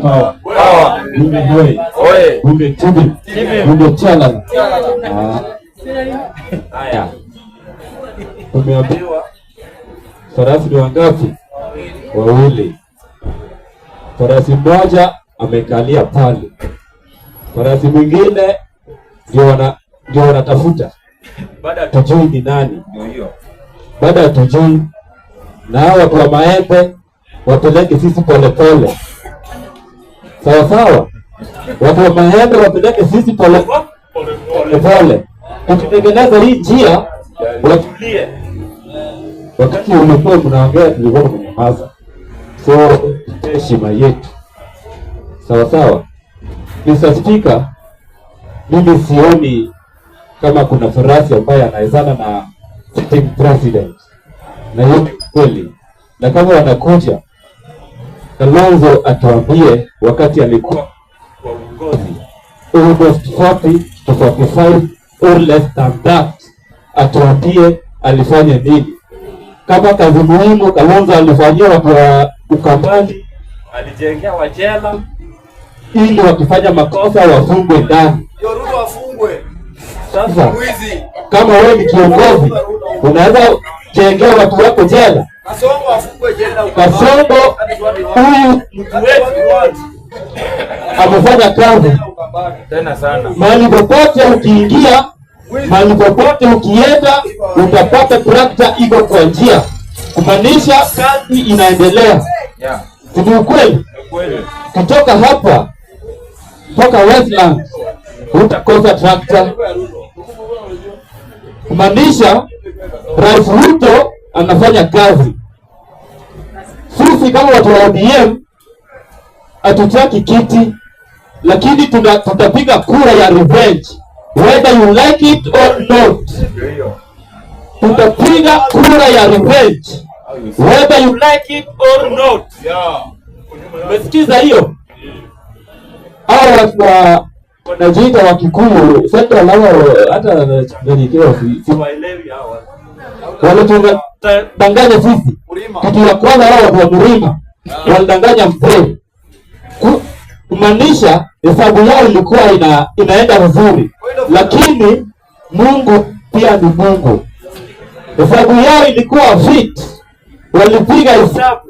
kama Bumbwe, Bumbwe TV, Bumbwe Channel. Haya, tumeambiwa farasi ni wangapi? Wawili. Farasi mmoja amekalia pale, farasi mwingine ndio wanatafuta, baada tujui ni nani, baada tujui na watu wa maembe wapeleke sisi polepole sawa sawa, watu maembe wapeleke sisi pole pole, ukitengeneza hii njia watulie. Wakati ulikuwa mnaongea tulikuwa tumenyamaza, so heshima yetu sawa sawa. Mr. Speaker, mimi sioni kama kuna farasi ambaye anaezana na sitting president, na hiyo ni kweli, na kama wanakuja Kalonzo atuambie wakati alikuwa kwa uongozi August 40 to 45 or less than that, atuambie alifanya nini? Kama kazi muhimu Kalonzo alifanyia watu wa Ukambani, alijengea wajela ili wakifanya makosa wafungwe ndani. Sasa kama wewe ni kiongozi, unaweza jengea watu wako jela. Kasongo huyu amefanya kazi mahali popote. Ukiingia mahali popote, ukienda utapata trakta iko kwa njia, kumaanisha kazi inaendelea. Ni ukweli. Kutoka hapa toka Westland utakosa trakta, kumaanisha Rais Ruto anafanya kazi sisi kama watu wa ODM hatutaki kiti, lakini tutapiga kura ya revenge, whether you like it or not. Tutapiga kura ya revenge whether you like it or not. Umesikiza hiyo? Hawa watu wa wanajiita wa Kikuyu Central hao hata wanatudanganya sisi kati ya kwana hao wa mlima ah. walidanganya mzee, kumaanisha hesabu yao ilikuwa ina, inaenda oh, vizuri, lakini Mungu pia ni Mungu. Hesabu yao ilikuwa fit, walipiga hesabu,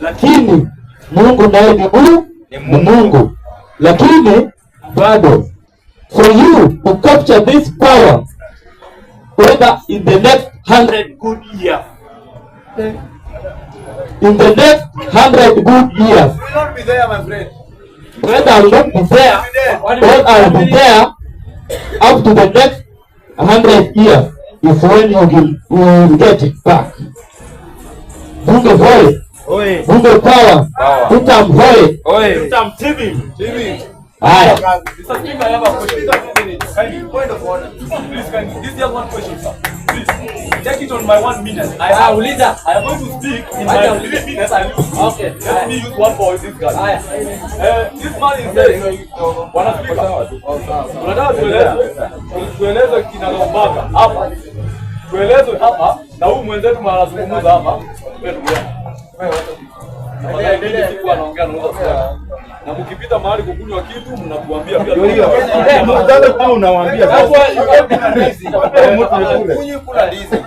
lakini Mungu naye ni Mungu, ni Mungu, lakini bado for you to capture this power whether in the next 100 good year eh in the next hundred good years. Whether I not be there or I be there up to the next hundred years if when you will, will get it back. Bunge voice Bunge power, tutamhoe haya this. Take it on my one minute. I have, Uliza. I am going to speak in my three minutes and you okay. Let me use one for this guy. Haya. Eh, this man is saying wanafika. Unataka tueleze tueleze kinagaubaga hapa. Tueleze hapa na huyu mwenzetu anazungumza hapa. Wewe. Wewe. Anaongea na na mkipita mahali kukunywa kitu mnakuambia pia. Sasa kama unawaambia sasa kunywa kula ndizi.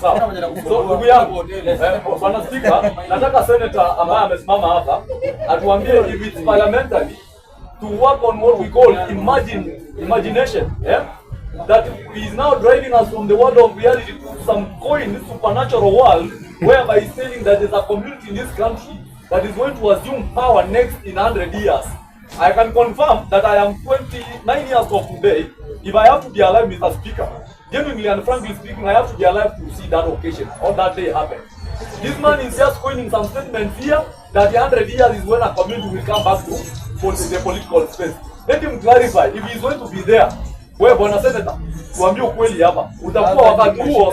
Sawa. So ndugu yangu eh, bwana speaker, nataka senator ambaye amesimama hapa atuambie if it's parliamentary to work on what we call imagine imagination, yeah? That is now driving us from the world of reality to some coin supernatural world whereby saying that there's a community in this country that is going to assume power next in 100 years. I can confirm that I am 29 years of today. If I have to be alive, Mr. Speaker, genuinely and frankly speaking, I have to be alive to see that occasion or that day happen. This man is just coining some statements here that 100 years is when a community will come back to for the political space. Let him clarify if he's going to be there. Wewe bwana seneta, tuambie ukweli hapa. Utakuwa wakati huo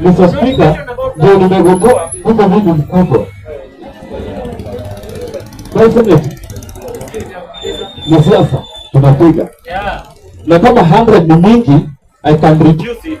Mr. Speaker, ndio nimegogo kuko vitu vikubwa. President. Ni siasa tunapiga. Na kama 100 ni mingi, I can reduce it.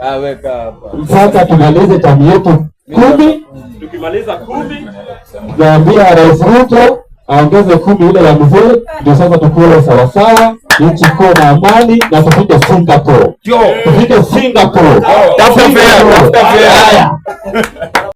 Ah, sasa tumalize tamu yetu kumi, tukimaliza kumi naambia Rais Ruto aongeze kumi ile ya mzee, ndio sasa tukule sawasawa, nchi kuwa na amani na tufike Singapore, tufike Singapore.